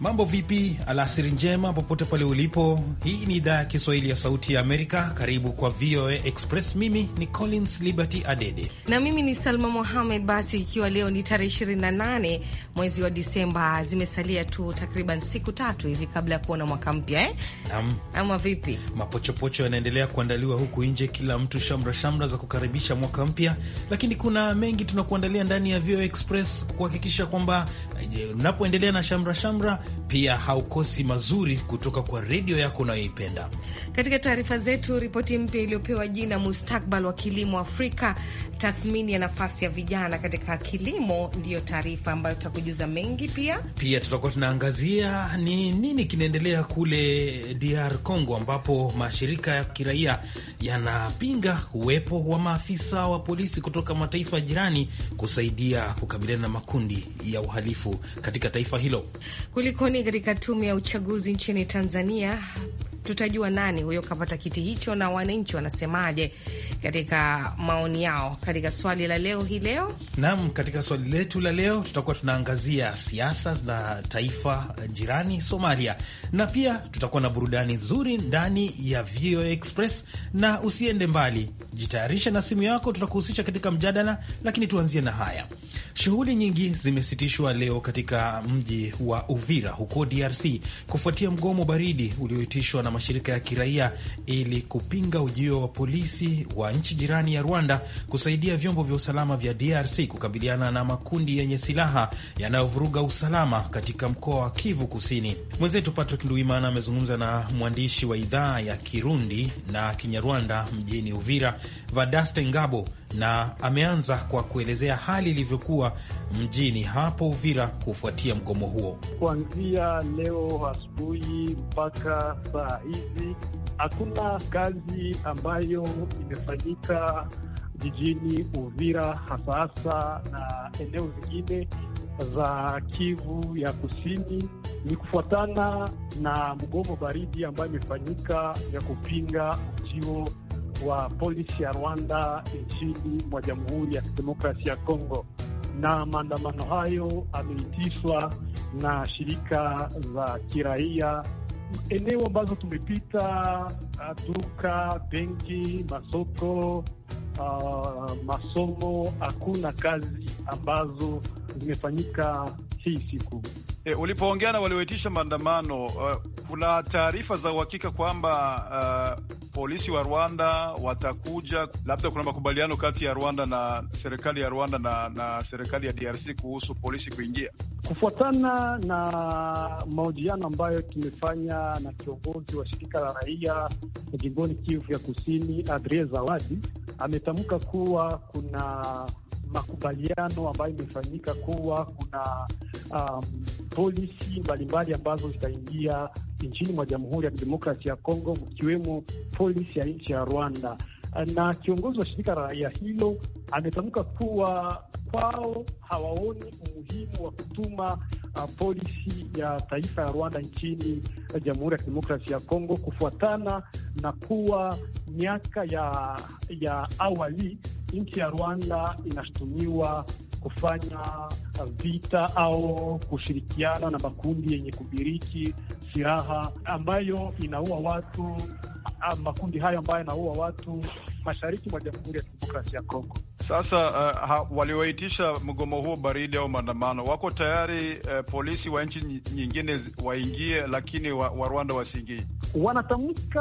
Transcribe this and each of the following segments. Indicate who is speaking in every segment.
Speaker 1: Mambo vipi? Alasiri njema popote pale ulipo. Hii ni idhaa ya Kiswahili ya Sauti ya Amerika. Karibu kwa VOA Express. Mimi ni Collins Liberty Adede
Speaker 2: na mimi ni Salma Mohamed. Basi ikiwa leo ni tarehe 28 mwezi wa Disemba, zimesalia tu takriban
Speaker 1: siku tatu hivi kabla ya kuona mwaka mpya eh? Ama vipi? Mapochopocho yanaendelea kuandaliwa huku nje, kila mtu shamra shamra za kukaribisha mwaka mpya, lakini kuna mengi tunakuandalia ndani ya VOA Express kuhakikisha kwamba eh, unapoendelea na shamra shamra pia haukosi mazuri kutoka kwa redio yako unayoipenda.
Speaker 2: Katika taarifa zetu, ripoti mpya iliyopewa jina mustakbal wa kilimo Afrika, tathmini ya nafasi ya vijana katika kilimo, ndiyo taarifa ambayo tutakujuza mengi. Pia
Speaker 1: pia tutakuwa tunaangazia ni nini kinaendelea kule DR Congo, ambapo mashirika ya kiraia yanapinga uwepo wa maafisa wa polisi kutoka mataifa jirani kusaidia kukabiliana na makundi ya uhalifu katika taifa hilo
Speaker 2: kuliko kulikoni katika tume ya uchaguzi nchini Tanzania tutajua nani huyo kapata kiti hicho na wananchi wanasemaje katika maoni yao katika swali la leo hii leo.
Speaker 1: Naam, katika swali letu la leo tutakuwa tunaangazia siasa za taifa jirani Somalia, na pia tutakuwa na burudani nzuri ndani ya VOA Express, na usiende mbali, jitayarisha na simu yako, tutakuhusisha katika mjadala. Lakini tuanzie na haya, shughuli nyingi zimesitishwa leo katika mji wa Uvira huko DRC kufuatia mgomo baridi ulioitishwa na na mashirika ya kiraia ili kupinga ujio wa polisi wa nchi jirani ya Rwanda kusaidia vyombo vya usalama vya DRC kukabiliana na makundi yenye silaha yanayovuruga usalama katika mkoa wa Kivu Kusini. Mwenzetu Patrick Nduimana amezungumza na mwandishi wa idhaa ya Kirundi na Kinyarwanda mjini Uvira, Vadaste Ngabo na ameanza kwa kuelezea hali ilivyokuwa mjini hapo Uvira kufuatia mgomo huo.
Speaker 3: Kuanzia leo asubuhi mpaka saa hizi hakuna kazi ambayo imefanyika jijini Uvira, hasa hasa na eneo zingine za Kivu ya Kusini. Ni kufuatana na mgomo baridi ambayo imefanyika ya kupinga ujio wa polisi ya Rwanda nchini mwa Jamhuri ya Kidemokrasia ya Kongo, na maandamano hayo ameitishwa na shirika za kiraia eneo ambazo tumepita, duka, benki, masoko, uh, masomo, hakuna kazi ambazo zimefanyika hii siku. E, ulipoongea na walioitisha maandamano, uh, kuna taarifa za uhakika kwamba uh, polisi wa Rwanda watakuja, labda kuna makubaliano kati ya Rwanda na serikali ya Rwanda na, na serikali ya DRC kuhusu polisi kuingia, kufuatana na mahojiano ambayo tumefanya na kiongozi wa shirika la raia jimboni Kivu ya Kusini, Adrie Zawadi ametamka kuwa kuna makubaliano ambayo imefanyika kuwa kuna um, polisi mbalimbali ambazo zitaingia nchini mwa Jamhuri ya Kidemokrasia ya Kongo, ikiwemo polisi ya nchi ya Rwanda. Na kiongozi wa shirika la raia hilo ametamka kuwa kwao hawaoni umuhimu wa kutuma uh, polisi ya taifa ya Rwanda nchini uh, Jamhuri ya Kidemokrasia ya Kongo kufuatana na kuwa miaka ya, ya awali nchi ya Rwanda inashutumiwa kufanya vita au kushirikiana na makundi yenye kubiriki silaha ambayo inaua watu, makundi hayo ambayo yanaua watu mashariki mwa Jamhuri ya Kidemokrasia ya Kongo. Sasa uh, eh, walioitisha mgomo huo baridi au maandamano wako tayari uh, polisi wa nchi nyingine waingie, lakini wa, wa Rwanda wasiingie. Wanatamka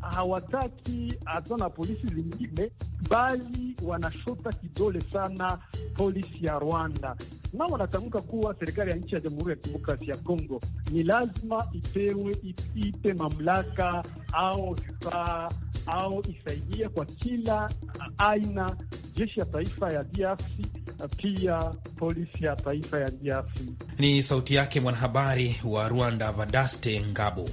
Speaker 3: hawataki hata na polisi zingine, bali wanashota kidole sana polisi ya Rwanda, na wanatamka kuwa serikali ya nchi ya Jamhuri ya Kidemokrasia ya Kongo ni lazima ipewe ipe mamlaka au vifaa au isaidia kwa kila aina jeshi ya taifa ya DRC
Speaker 1: pia polisi ya taifa ya DRC. Ni sauti yake mwanahabari wa Rwanda, Vadaste Ngabo.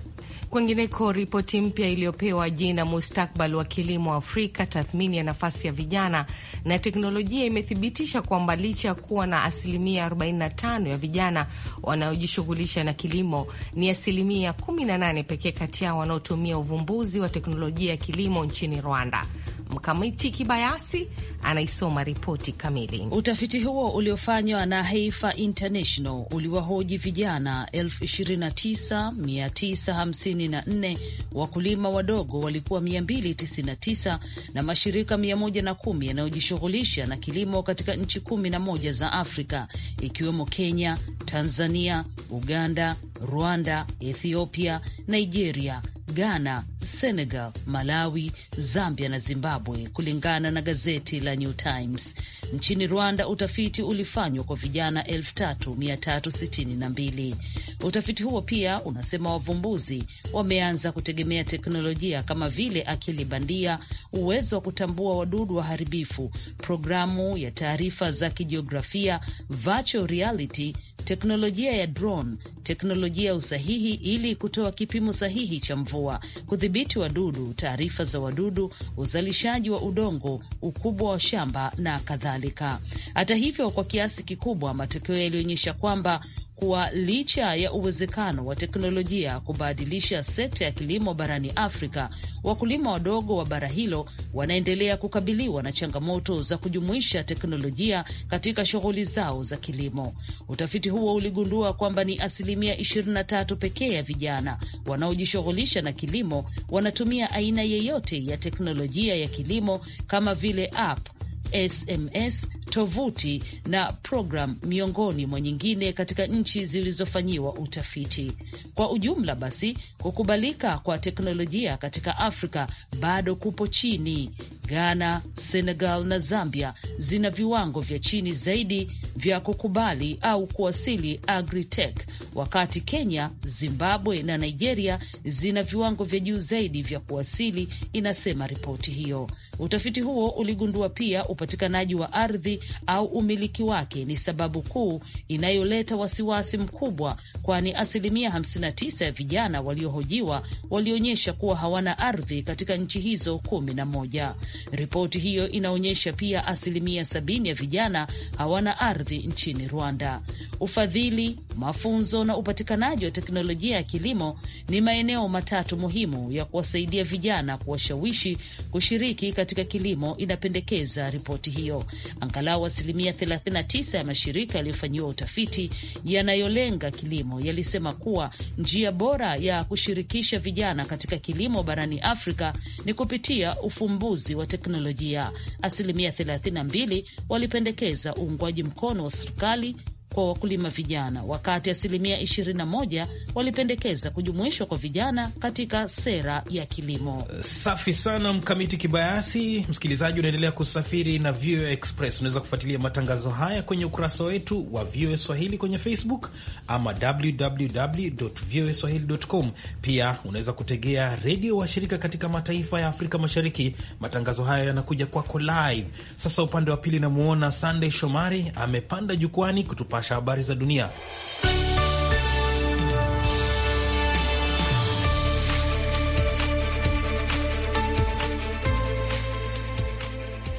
Speaker 2: Kwengineko, ripoti mpya iliyopewa jina mustakbal wa kilimo Afrika, tathmini ya nafasi ya vijana na teknolojia, imethibitisha kwamba licha ya kuwa na asilimia 45 ya vijana wanaojishughulisha na kilimo, ni asilimia 18 pekee kati yao wanaotumia uvumbuzi wa teknolojia ya kilimo nchini Rwanda. Mkamiti Kibayasi anaisoma ripoti kamili.
Speaker 4: Utafiti huo uliofanywa na Haifa International uliwahoji vijana 29954 wakulima wadogo walikuwa 299 na mashirika 110 yanayojishughulisha na kilimo katika nchi 11 za Afrika ikiwemo Kenya, Tanzania, Uganda, Rwanda, Ethiopia, Nigeria, Ghana, Senegal, Malawi, Zambia na Zimbabwe. Zimbabwe, kulingana na gazeti la New Times. Nchini Rwanda, utafiti ulifanywa kwa vijana 3362. Utafiti huo pia unasema wavumbuzi wameanza kutegemea teknolojia kama vile akili bandia, uwezo wa kutambua wadudu waharibifu, programu ya taarifa za kijiografia, virtual reality teknolojia ya drone, teknolojia ya usahihi ili kutoa kipimo sahihi cha mvua, kudhibiti wadudu, taarifa za wadudu, uzalishaji wa udongo, ukubwa wa shamba na kadhalika. Hata hivyo, kwa kiasi kikubwa matokeo yalionyesha kwamba kuwa licha ya uwezekano wa teknolojia kubadilisha sekta ya kilimo barani Afrika, wakulima wadogo wa bara hilo wanaendelea kukabiliwa na changamoto za kujumuisha teknolojia katika shughuli zao za kilimo. Utafiti huo uligundua kwamba ni asilimia 23 pekee ya vijana wanaojishughulisha na kilimo wanatumia aina yeyote ya teknolojia ya kilimo kama vile app SMS, tovuti na programu, miongoni mwa nyingine katika nchi zilizofanyiwa utafiti. Kwa ujumla basi, kukubalika kwa teknolojia katika Afrika bado kupo chini. Ghana, Senegal na Zambia zina viwango vya chini zaidi vya kukubali au kuwasili agritech, wakati Kenya, Zimbabwe na Nigeria zina viwango vya juu zaidi vya kuwasili, inasema ripoti hiyo. Utafiti huo uligundua pia upatikanaji wa ardhi au umiliki wake ni sababu kuu inayoleta wasiwasi mkubwa, kwani asilimia 59 ya vijana waliohojiwa walionyesha kuwa hawana ardhi katika nchi hizo kumi na moja. Ripoti hiyo inaonyesha pia asilimia 70 ya vijana hawana ardhi nchini Rwanda. Ufadhili, mafunzo na upatikanaji wa teknolojia ya kilimo ni maeneo matatu muhimu ya kuwasaidia vijana kuwashawishi kushiriki katika katika kilimo inapendekeza ripoti hiyo. Angalau asilimia 39 ya mashirika yaliyofanyiwa utafiti yanayolenga kilimo yalisema kuwa njia bora ya kushirikisha vijana katika kilimo barani Afrika ni kupitia ufumbuzi wa teknolojia. Asilimia 32 walipendekeza uungwaji mkono wa serikali kwa wakulima vijana, wakati asilimia 21 walipendekeza kujumuishwa kwa vijana katika sera ya kilimo.
Speaker 1: Safi sana, Mkamiti Kibayasi. Msikilizaji, unaendelea kusafiri na VOA Express. Unaweza kufuatilia matangazo haya kwenye ukurasa wetu wa VOA Swahili kwenye Facebook ama www voa swahili com. Pia unaweza kutegea redio washirika katika mataifa ya Afrika Mashariki. Matangazo haya yanakuja kwako live. Sasa upande wa pili, namwona Sandey Shomari amepanda jukwani kutupa Barasha, habari za dunia.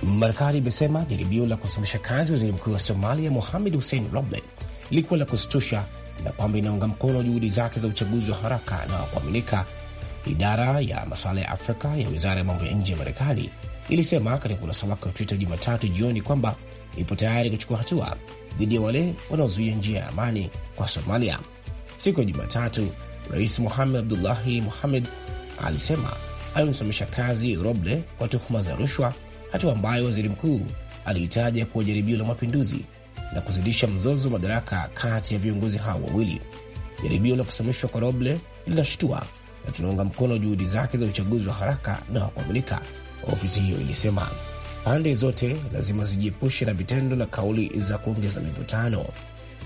Speaker 5: Marekani imesema jaribio la kusimamisha kazi waziri mkuu wa Somalia Mohamed Hussein Roble lilikuwa la kusitusha na kwamba inaunga mkono juhudi zake za uchaguzi wa haraka na wa kuaminika. Idara ya masuala ya Afrika ya wizara ya mambo ya nje ya Marekani ilisema katika ukurasa wake wa Twitter Jumatatu jioni kwamba ipo tayari kuchukua hatua dhidi ya wale wanaozuia njia ya amani kwa Somalia. Siku ya Jumatatu, Rais Mohamed Abdullahi Mohamed alisema amemsimamisha kazi Roble kwa tuhuma za rushwa, hatua ambayo waziri mkuu aliitaja kuwa jaribio la mapinduzi na kuzidisha mzozo wa madaraka kati ya viongozi hao wawili. Jaribio la kusimamishwa kwa Roble linashtua na tunaunga mkono juhudi zake za uchaguzi wa haraka na wa kuaminika, ofisi hiyo ilisema. Pande zote lazima zijiepushe na vitendo na kauli za kuongeza mivutano.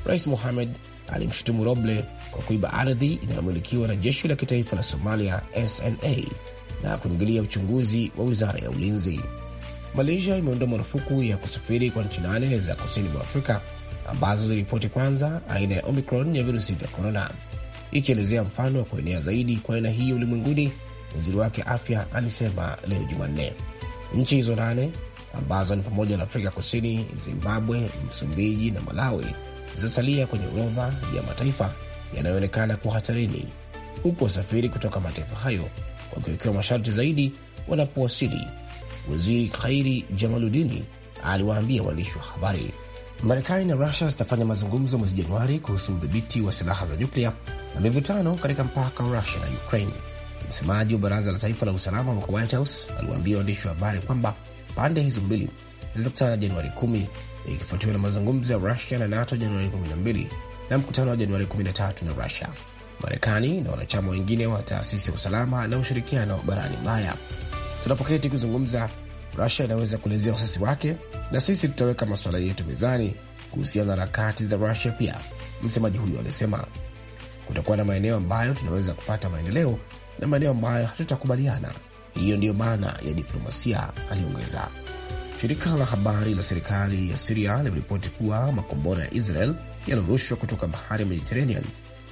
Speaker 5: Rais Mohamed alimshutumu Roble kwa kuiba ardhi inayomilikiwa na jeshi la kitaifa la Somalia, SNA, na kuingilia uchunguzi wa wizara ya ulinzi. Malaysia imeondoa marufuku ya kusafiri kwa nchi nane za kusini mwa Afrika ambazo ziliripoti kwanza aina ya Omicron ya virusi vya korona, ikielezea mfano wa kuenea zaidi kwa aina hii ulimwenguni. Waziri wake afya alisema leo Jumanne nchi hizo nane ambazo ni pamoja na Afrika Kusini, Zimbabwe, Msumbiji na Malawi zitasalia kwenye orodha ya mataifa yanayoonekana kuwa hatarini, huku wasafiri kutoka mataifa hayo wakiwekewa masharti zaidi wanapowasili. Waziri Khairi Jamaludini aliwaambia waandishi wa habari. Marekani na Rusia zitafanya mazungumzo mwezi Januari kuhusu udhibiti wa silaha za nyuklia na mivutano katika mpaka wa Rusia na Ukraine. Msemaji wa baraza la taifa la usalama wa White House aliwaambia waandishi wa habari kwamba Pande hizo mbili zilizokutana Januari 10 ikifuatiwa na mazungumzo ya Rusia na NATO Januari 12 na mkutano wa Januari 13 na Rusia, Marekani na wanachama wengine wa taasisi ya usalama na ushirikiano barani Ulaya. Tunapoketi kuzungumza, Rusia inaweza kuelezea wasasi wake na sisi tutaweka masuala yetu mezani kuhusiana na harakati za Rusia pia, msemaji huyo alisema. Kutakuwa na maeneo ambayo tunaweza kupata maendeleo na maeneo ambayo hatutakubaliana hiyo ndiyo maana ya diplomasia, aliongeza. Shirika la habari la serikali ya Siria limeripoti kuwa makombora ya Israel yaliyorushwa kutoka bahari ya Mediterranean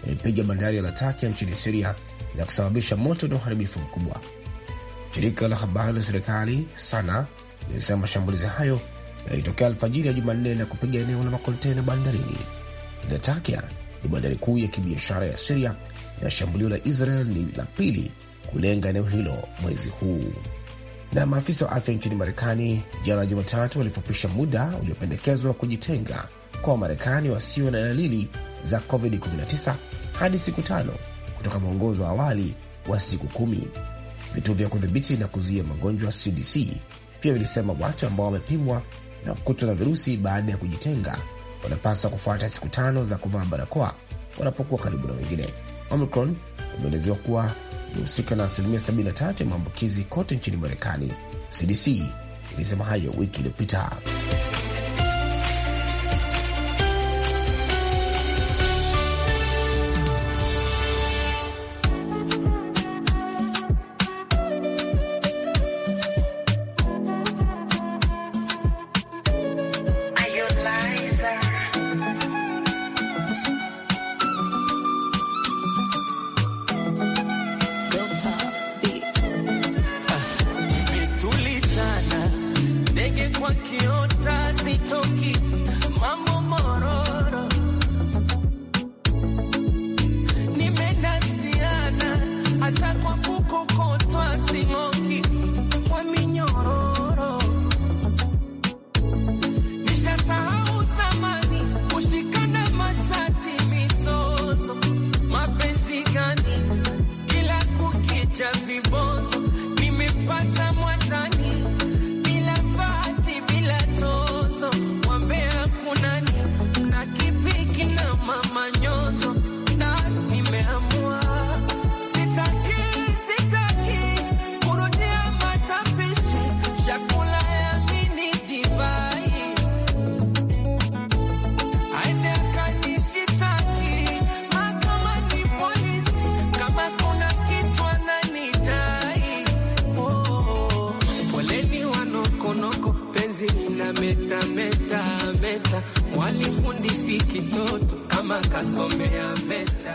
Speaker 5: yamepiga bandari ya Latakia nchini Siria na kusababisha moto na uharibifu mkubwa. Shirika la habari la serikali SANA limesema mashambulizi hayo yalitokea alfajiri ya Jumanne na kupiga eneo la makontena bandarini. Latakia ni bandari kuu ya kibiashara ya Siria na shambulio la Israel ni la pili kulenga eneo hilo mwezi huu. Na maafisa wa afya nchini Marekani jana Jumatatu walifupisha muda uliopendekezwa kujitenga kwa Wamarekani wasio na dalili za COVID-19 hadi siku tano kutoka mwongozo wa awali wa siku kumi. Vituo vya kudhibiti na kuzuia magonjwa CDC pia vilisema watu ambao wamepimwa na kukutwa na virusi baada ya kujitenga wanapaswa kufuata siku tano za kuvaa barakoa wanapokuwa karibu na wengine. Omicron umeelezewa kuwa ilihusika na asilimia 73 ya maambukizi kote nchini Marekani. CDC ilisema hayo wiki iliyopita.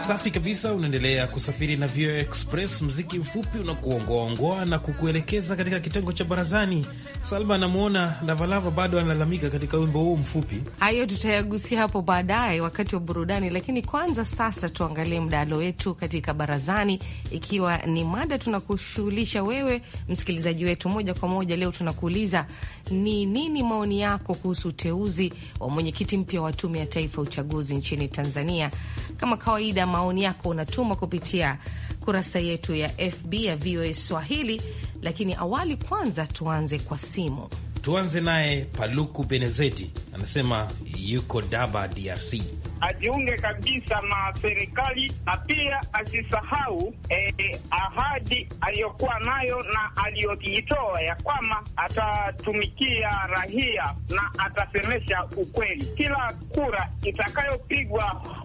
Speaker 1: Safi kabisa, unaendelea kusafiri na VOA Express. Mziki mfupi unakuongoaongoa na kukuelekeza katika kitengo cha barazani. Salma anamwona Lavalava bado analalamika katika wimbo huu mfupi.
Speaker 2: Hayo tutayagusia hapo baadaye wakati wa burudani, lakini kwanza sasa tuangalie mdahalo wetu katika barazani, ikiwa ni mada tunakushughulisha wewe msikilizaji wetu moja kwa moja. Leo tunakuuliza ni nini maoni yako kuhusu uteuzi wa mwenyekiti mpya wa Tume ya Taifa Uchaguzi nchini Tanzania. Kama kawaida, maoni yako unatuma kupitia kurasa yetu ya FB ya VOA Swahili, lakini awali kwanza tuanze kwa simu.
Speaker 1: Tuanze naye Paluku Benezeti, anasema yuko Daba, DRC
Speaker 2: ajiunge kabisa na serikali na pia
Speaker 6: asisahau eh, ahadi aliyokuwa nayo na aliyojitoa ya kwamba atatumikia rahia na atasemesha ukweli. Kila kura itakayopigwa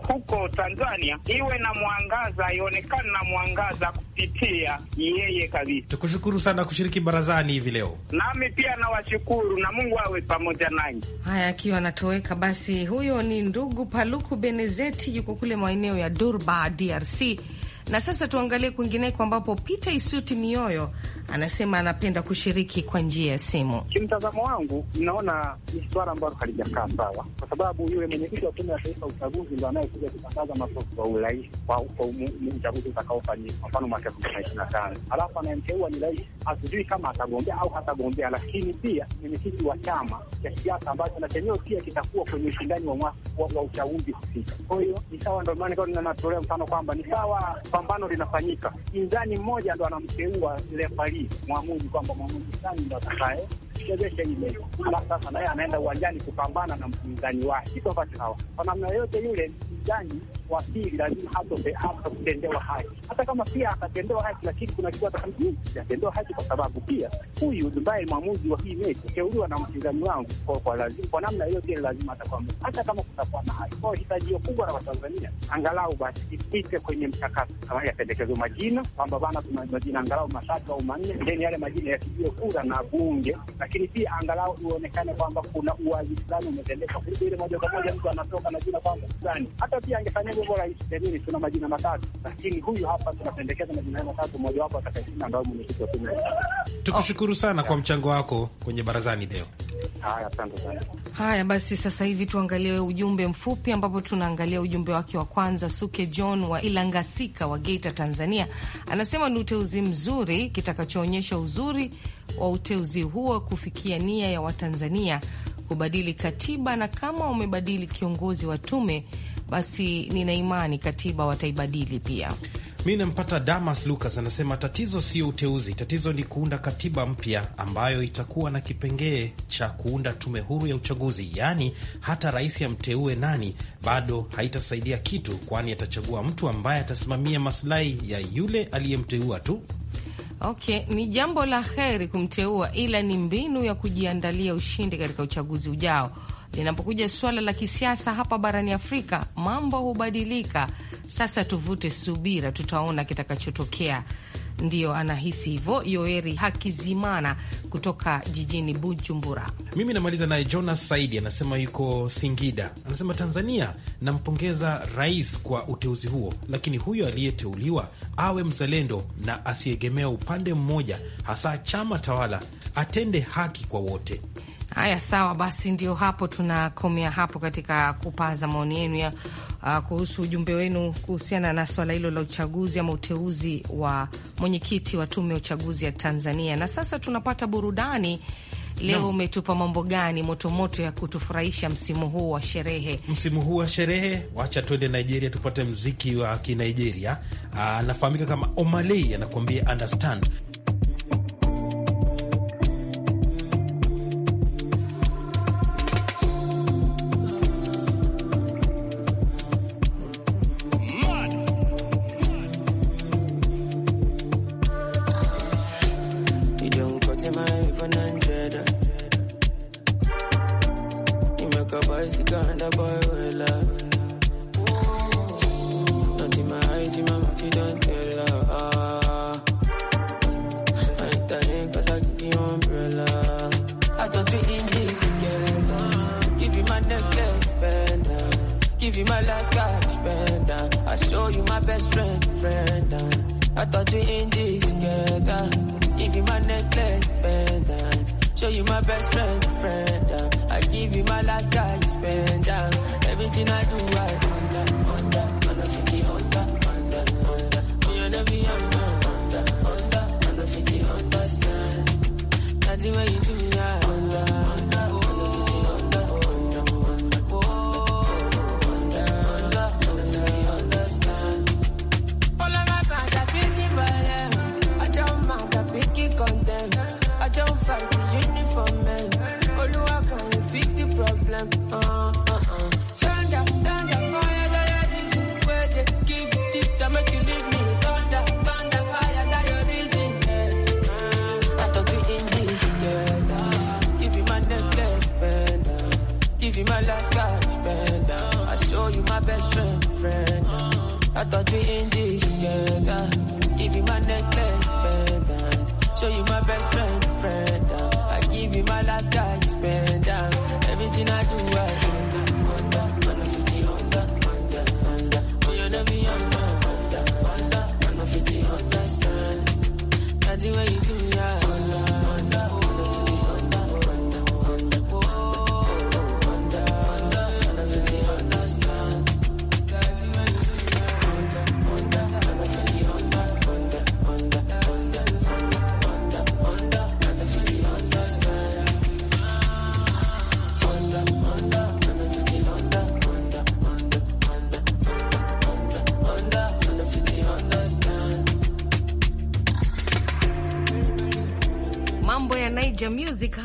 Speaker 6: huko Tanzania iwe na mwangaza, ionekane na mwangaza kupitia yeye kabisa.
Speaker 1: Tukushukuru sana kushiriki barazani hivi
Speaker 6: leo, nami pia nawashukuru na Mungu awe pamoja nanyi.
Speaker 2: Haya, akiwa anatoweka basi, huyo ni ndugu Paluku Paluku Benezeti yuko kule maeneo ya Durba, DRC na sasa tuangalie kwingineko, ambapo Peter Isuti Mioyo anasema anapenda kushiriki kwa njia ya simu.
Speaker 6: Kimtazamo wangu, naona ni swara ambalo halijakaa sawa, kwa sababu yule mwenyekiti wa Tume ya Taifa Uchaguzi ndo anayekuja kutangaza matokeo kwa urahisi kwa uchaguzi utakaofanyika, kwa mfano mwaka elfu mbili na ishirini na tano alafu anayemteua ni rais, hatujui kama atagombea au hatagombea, lakini pia mwenyekiti wa chama cha siasa ambacho na chenyewe pia kitakuwa kwenye ushindani wa uchaguzi husika. Kwa hiyo ni sawa, ndo maana natolea mfano kwamba ni sawa pambano linafanyika, pinzani mmoja ndo anamteua refari mwamuzi, kwamba mwamuzi fulani ndo atakaye kuchezesha ile, alafu sasa naye anaenda uwanjani kupambana na mpinzani wake kitofauti hawa. Kwa namna yoyote yule mpinzani wa pili lazima hata kutendewa haki, hata kama pia atatendewa haki, lakini kuna kitu atatendewa haki, kwa sababu pia huyu ambaye mwamuzi wa hii mechi teuliwa na mpinzani wangu, kwa lazima, kwa namna yoyote ile lazima atakuwa hata kama kutakuwa na haki. Kwa hitajio kubwa la Watanzania angalau basi ipite kwenye mchakato kama yapendekezwa majina kwamba bana, kuna majina angalau matatu au manne, then yale majina yapigiwe kura na bunge lakini pia angalau ionekane kwamba kuna uwazi fulani umetendeka, kuliko ile moja kwa moja mtu anatoka na jina kwamba fulani. Hata pia angefanya hivyo Rais tenini, tuna majina matatu, lakini huyu hapa tunapendekeza majina matatu, mojawapo atakayeshinda ambayo mwenyekiti wa tume.
Speaker 1: Tukushukuru sana kwa mchango wako kwenye barazani leo. Haya, asante sana.
Speaker 2: Haya basi, sasa hivi tuangalie ujumbe mfupi, ambapo tunaangalia ujumbe wake wa kwanza. Suke John wa Ilangasika wa Geita, Tanzania, anasema ni uteuzi mzuri kitakachoonyesha uzuri wa uteuzi huo kufikia nia ya Watanzania kubadili katiba, na kama wamebadili
Speaker 1: kiongozi wa tume, basi nina imani katiba
Speaker 2: wataibadili pia.
Speaker 1: Mi nampata Damas Lucas anasema tatizo sio uteuzi, tatizo ni kuunda katiba mpya ambayo itakuwa na kipengee cha kuunda tume huru ya uchaguzi. Yaani hata rais amteue nani, bado haitasaidia kitu, kwani atachagua mtu ambaye atasimamia maslahi ya yule aliyemteua tu.
Speaker 2: Okay, ni jambo la heri kumteua, ila ni mbinu ya kujiandalia ushindi katika uchaguzi ujao. Linapokuja suala la kisiasa hapa barani Afrika, mambo hubadilika. Sasa tuvute subira, tutaona kitakachotokea ndiyo anahisi hivyo. Yoeri Hakizimana kutoka jijini Bujumbura.
Speaker 1: Mimi namaliza naye Jonas Saidi, anasema yuko Singida, anasema Tanzania, nampongeza rais kwa uteuzi huo, lakini huyo aliyeteuliwa awe mzalendo na asiegemea upande mmoja, hasa chama tawala, atende haki kwa wote.
Speaker 2: Haya, sawa basi, ndio hapo tunakomea hapo katika kupaza maoni yenu ya uh, kuhusu ujumbe wenu kuhusiana na swala hilo la uchaguzi ama uteuzi wa mwenyekiti wa tume ya uchaguzi ya Tanzania. Na sasa tunapata burudani leo no. Umetupa mambo gani motomoto ya kutufurahisha msimu huu wa sherehe?
Speaker 1: Msimu huu wa sherehe, wacha tuende Nigeria tupate mziki wa Kinigeria. Ah, anafahamika kama Omalei anakuambia understand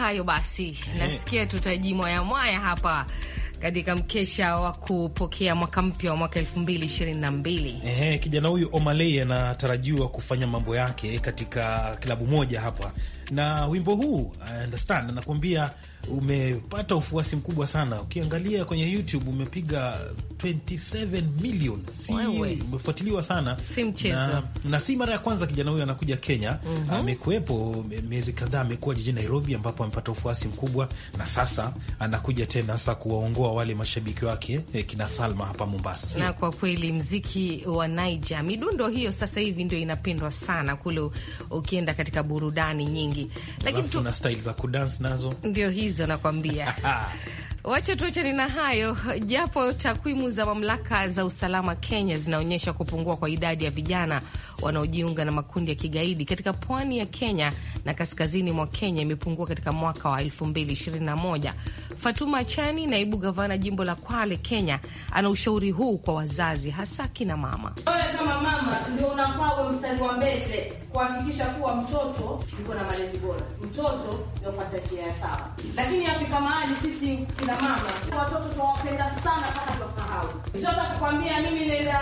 Speaker 2: hayo basi, eh. nasikia tutajimwaya mwaya hapa katika mkesha wa kupokea mwaka mpya wa mwaka elfu mbili ishirini na mbili.
Speaker 1: Ehe, kijana huyu Omaley anatarajiwa kufanya mambo yake katika klabu moja hapa, na wimbo huu I understand anakuambia umepata ufuasi mkubwa sana. Ukiangalia kwenye YouTube umepiga 27 million, si umefuatiliwa sana si mchezo. Na, na si mara ya kwanza kijana huyo anakuja Kenya. mm -hmm. Amekuwepo miezi kadhaa, amekuwa jijini Nairobi ambapo amepata ufuasi mkubwa, na sasa anakuja tena sa kuwaongoa wale mashabiki wake eh, kina Salma hapa Mombasa si? Na
Speaker 2: kwa kweli mziki wa Naija midundo hiyo sasa hivi ndio inapendwa sana kule, ukienda katika burudani nyingi, lakini tu... na
Speaker 1: style za kudance nazo
Speaker 2: ndio hizi matatizo nakwambia. Wacha tuachane na hayo, japo takwimu za mamlaka za usalama Kenya zinaonyesha kupungua kwa idadi ya vijana wanaojiunga na makundi ya kigaidi katika pwani ya Kenya na kaskazini mwa Kenya imepungua katika mwaka wa 2021 Fatuma Chani, naibu gavana jimbo la Kwale, Kenya, ana ushauri huu kwa wazazi, hasa kina mama.
Speaker 7: Wewe kama mama ndio unafaa uwe mstari wa mbele kuhakikisha kuwa mtoto yuko na malezi bora, mtoto yapata njia ya sawa. Lakini afika mahali sisi kina mama watoto tunawapenda sana mpaka tunasahau. Mtoto akikwambia mimi nenda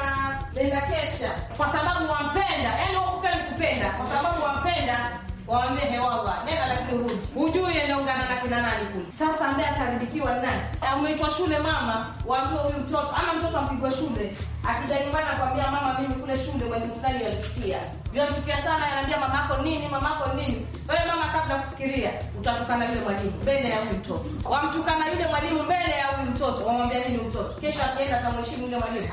Speaker 7: nenda kesha, kwa sababu wampenda, yani wakupenda kupenda, kwa sababu wampenda waambie hewa hewalla, nenda lakini rudi, hujui anaungana na kina nani kule. Sasa ambaye ni nani? Ameitwa eh, shule, mama, waambie huyu mtoto ama mtoto ampigwe shule. Akija kwambia mama, mimi kule shule mwalimu fulani yanisikia yanisikia sana, yanaambia mamako nini, mamako nini. Wewe mama, kabla kufikiria utatukana yule mwalimu mbele ya huyu mtoto, wamtukana yule mwalimu mbele ya huyu mtoto, wamwambia nini mtoto, kesho akienda atamheshimu yule mwalimu.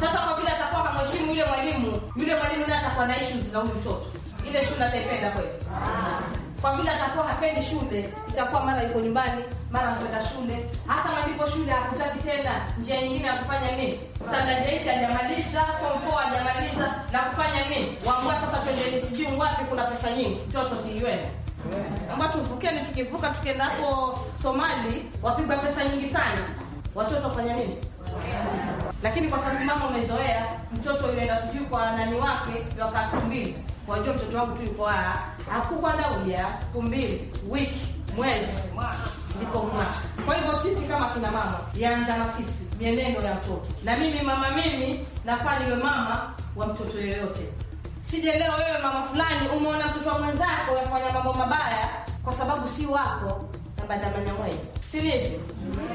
Speaker 7: Sasa kwa vile atakuwa kamheshimu yule mwalimu, yule mwalimu naye atakuwa na issues na huyu mtoto ile shule ataipenda kweli? Ah. Kwa vile atakuwa hapendi shule, itakuwa mara yuko nyumbani, mara kwenda shule. Hata malipo shule hakutaki tena, njia nyingine ya kufanya nini? Standard 8 hajamaliza, form 4 hajamaliza, na kufanya nini? Waamua sasa, twendeni sijui wapi, kuna pesa nyingi, mtoto siiwene amba tuvukeni, tukivuka tukienda hapo Somali wapigwa pesa nyingi sana, watoto wafanya nini? Lakini kwa sababu mama umezoea mtoto yule, sijui kwa nani wake, wakaa wajua mtoto wangu tu yuko haya, hakukuwa nauja siku mbili, wiki, mwezi ndipo mwacha. Kwa hivyo sisi kama kina mama, yaanza na sisi mienendo ya mtoto. Na mimi mama, mimi nafaa niwe mama wa mtoto yeyote. Sije leo wewe mama fulani umeona mtoto wa mwenzako yafanya mambo mabaya, kwa sababu si wako nabandamanya mwenza, si ndivyo?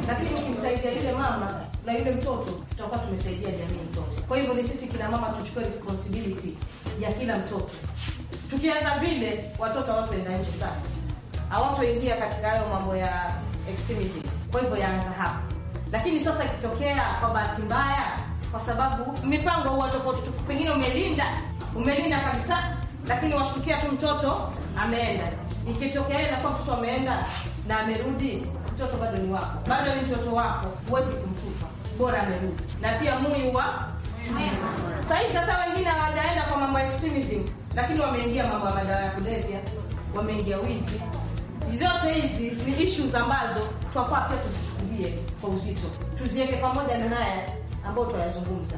Speaker 7: Lakini ukimsaidia yule mama na yule mtoto, tutakuwa tumesaidia jamii zote. Kwa hivyo ni sisi kina mama tuchukue responsibility ya kila mtoto. Tukianza vile, watoto hawataenda nje sana, hawataingia katika hayo mambo ya extremism. Kwa hivyo yaanza hapa, lakini sasa ikitokea kwa bahati mbaya, kwa sababu mipango huwa tofauti, pengine umelinda umelinda kabisa, lakini washtukia tu mtoto ameenda. Ikitokea kwa mtoto ameenda na amerudi, mtoto bado ni wako, bado ni mtoto wako, huwezi kumtupa, bora amerudi. Na pia mui wa sahizi sasa wengine hawajaenda kwa mambo ya extremism, lakini wameingia mambo ya madawa ya kulevya, wameingia wizi. Zote hizi ni issues ambazo twafaa pia tuzichukulie kwa uzito, tuziweke pamoja na haya ambayo tunayazungumza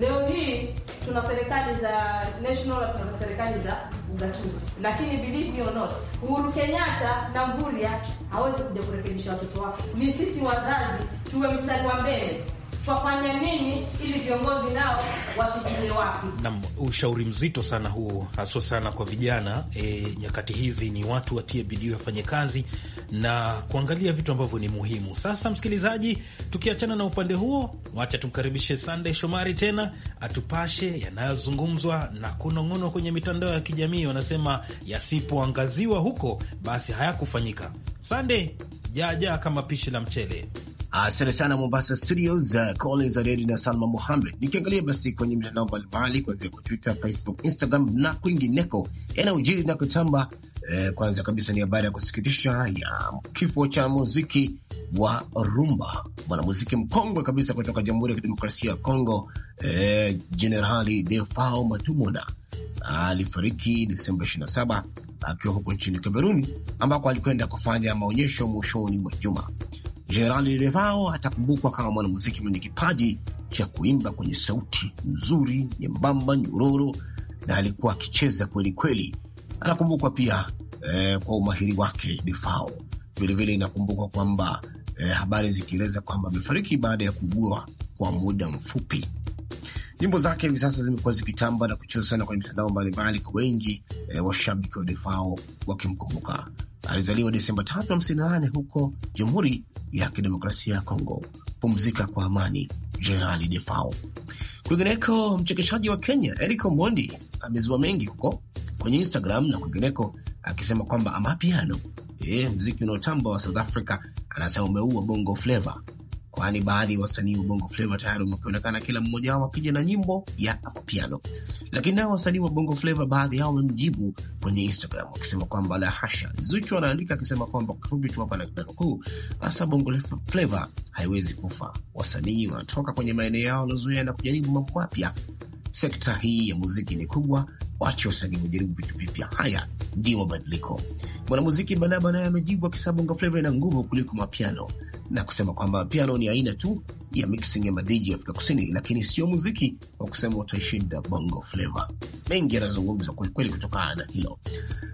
Speaker 7: leo hii. Tuna serikali za national, tuna serikali za ugatuzi, lakini believe me or not, Uhuru Kenyatta na Mburia hawezi kuja kurekebisha watoto wake. Ni sisi wazazi tuwe mstari wa mbele twafanya nini ili viongozi nao washikilie wapi?
Speaker 1: Nam, ushauri mzito sana huo, haswa sana kwa vijana e, nyakati hizi ni watu watie bidii wafanye kazi na kuangalia vitu ambavyo ni muhimu. Sasa msikilizaji, tukiachana na upande huo, wacha tumkaribishe Sunday Shomari tena atupashe yanayozungumzwa na kunong'onwa kwenye mitandao ya kijamii. Wanasema yasipoangaziwa huko
Speaker 5: basi hayakufanyika. Sunday, jaja kama pishi la mchele. Asante sana Mombasa studios, uh, Collins Aredi na Salma Muhamed. Nikiangalia basi kwenye mitandao mbalimbali kuanzia kwa Twitter, Facebook, Instagram na kwingineko yanayojiri na kutamba. Eh, kwanza kabisa ni habari ya kusikitisha ya kifo cha muziki wa rumba, mwanamuziki mkongwe kabisa kutoka Jamhuri ya Kidemokrasia ya Kongo, eh, Jenerali Defao Matumona alifariki Desemba 27 akiwa huko nchini Kameruni ambako alikwenda kufanya maonyesho mwishoni mwa juma. Jenerali Levao atakumbukwa kama mwanamuziki mwenye kipaji cha kuimba kwenye sauti nzuri, nyembamba, nyororo na alikuwa akicheza kweli kweli. Anakumbukwa pia eh, kwa umahiri wake defao Vilevile inakumbukwa kwamba eh, habari zikieleza kwamba amefariki baada ya kuugua kwa muda mfupi. Nyimbo zake hivi sasa zimekuwa zikitamba na kuchezwa sana kwenye mitandao mbalimbali, kwa wengi eh, washabiki wa Defao wakimkumbuka alizaliwa Desemba 358 huko Jamhuri ya Kidemokrasia ya Kongo. Pumzika kwa amani, Jenerali Defao. Kwingineko, mchekeshaji wa Kenya Eric Omondi amezua mengi huko kwenye Instagram na kwingineko, akisema kwamba Amapiano, e, mziki unaotamba wa South Africa, anasema umeua bongo fleva kwani baadhi ya wasanii wa Bongo Flava tayari wakionekana kila mmoja wao akija na nyimbo ya amapiano. Lakini nao wasanii wa Bongo Flava baadhi yao wamemjibu kwenye Instagram wakisema kwamba la hasha. Zuchu anaandika akisema kwamba kwa kifupi tu hapa na kuu hasa Bongo Flava haiwezi kufa, wasanii wanatoka kwenye maeneo yao walozoea na kujaribu mambo mapya. Sekta hii ya muziki ni kubwa wache wasanii wajaribu vitu vipya. Haya ndio mabadiliko. Mwanamuziki Barnaba naye amejibu akisema bongo fleva ina nguvu kuliko mapiano na kusema kwamba piano ni aina tu ya mixing ya madiji Afrika Kusini, lakini sio muziki wa kusema utashinda bongo fleva. Mengi yanazungumza kwelikweli kutokana na hilo.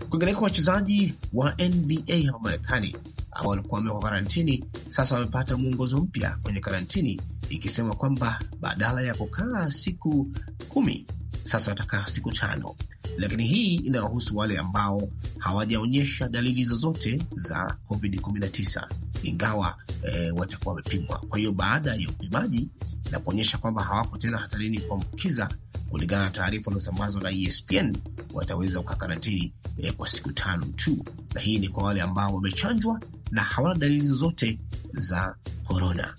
Speaker 5: Kwingineko, wachezaji wa NBA hapa Marekani ambao walikuwa wamewekwa karantini sasa wamepata mwongozo mpya kwenye karantini, ikisema kwamba badala ya kukaa siku kumi sasa watakaa siku tano, lakini hii inawahusu wale ambao hawajaonyesha dalili zozote za COVID-19 ingawa e, watakuwa wamepimwa. Kwa hiyo baada ya upimaji na kuonyesha kwamba hawako tena hatarini kuambukiza, kulingana na taarifa iliyosambazwa na ESPN, wataweza kukakarantini e, eh, kwa siku tano tu, na hii ni kwa wale ambao wamechanjwa na hawana dalili zozote za korona.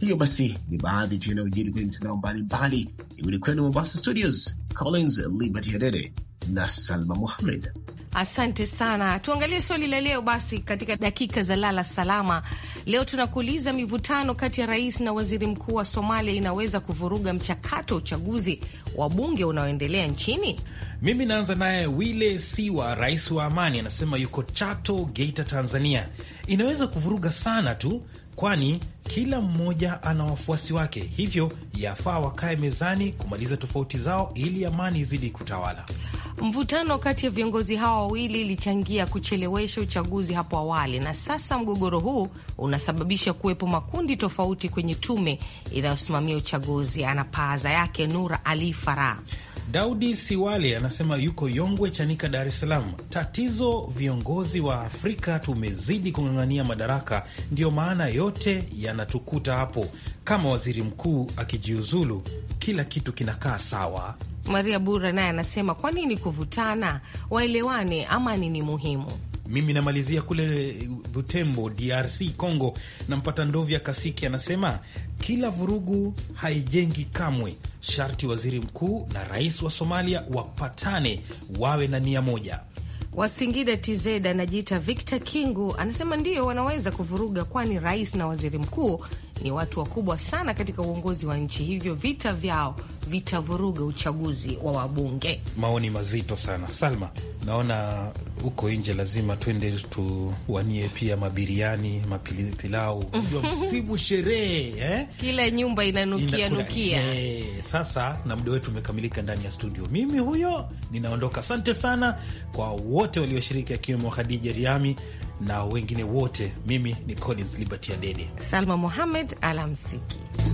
Speaker 5: Hiyo basi ni baadhi tu yanayojiri kwenye mitandao mbalimbali. Iguli kwenu Mombasa Studios, Collins Liberty Adede na Salma Muhamed.
Speaker 2: Asante sana. Tuangalie swali la leo basi, katika dakika za lala salama. Leo tunakuuliza, mivutano kati ya rais na waziri mkuu wa Somalia inaweza kuvuruga mchakato wa uchaguzi wa bunge unaoendelea
Speaker 1: nchini? Mimi naanza naye Wile Siwa, rais wa Amani, anasema yuko Chato, Geita, Tanzania. Inaweza kuvuruga sana tu kwani kila mmoja ana wafuasi wake, hivyo yafaa wakae mezani kumaliza tofauti zao ili amani izidi kutawala.
Speaker 2: Mvutano kati ya viongozi hawa wawili ilichangia kuchelewesha uchaguzi hapo awali, na sasa mgogoro huu unasababisha kuwepo makundi tofauti kwenye tume inayosimamia uchaguzi. Anapaaza yake Nura Ali Farah.
Speaker 1: Daudi Siwale anasema yuko Yongwe Chanika, Dar es Salaam. Tatizo viongozi wa Afrika tumezidi kung'ang'ania madaraka, ndiyo maana yote yanatukuta hapo. Kama waziri mkuu akijiuzulu, kila kitu kinakaa sawa
Speaker 2: Maria Bura naye anasema kwa nini kuvutana, waelewane, amani ni muhimu.
Speaker 1: Mimi namalizia kule Butembo, DRC Congo. Nampata Ndovya Kasiki anasema kila vurugu haijengi kamwe, sharti waziri mkuu na rais wa Somalia wapatane, wawe na nia moja.
Speaker 2: Wasingida TZ anajiita Victor Kingu anasema ndiyo, wanaweza kuvuruga, kwani rais na waziri mkuu ni watu wakubwa sana katika uongozi wa nchi, hivyo vita vyao vitavuruga uchaguzi wa
Speaker 1: wabunge. Maoni mazito sana, Salma. Naona huko nje lazima twende tuwanie pia mabiriani, mapilau, ndio msimu sherehe eh?
Speaker 2: Kila nyumba inanukia nukia.
Speaker 1: Eh, sasa na muda wetu umekamilika ndani ya studio. Mimi huyo ninaondoka. Asante sana kwa wote walioshiriki, akiwemo Khadija Riami na wengine wote. Mimi ni Collins Liberty Adede,
Speaker 2: Salma Mohamed, alamsiki.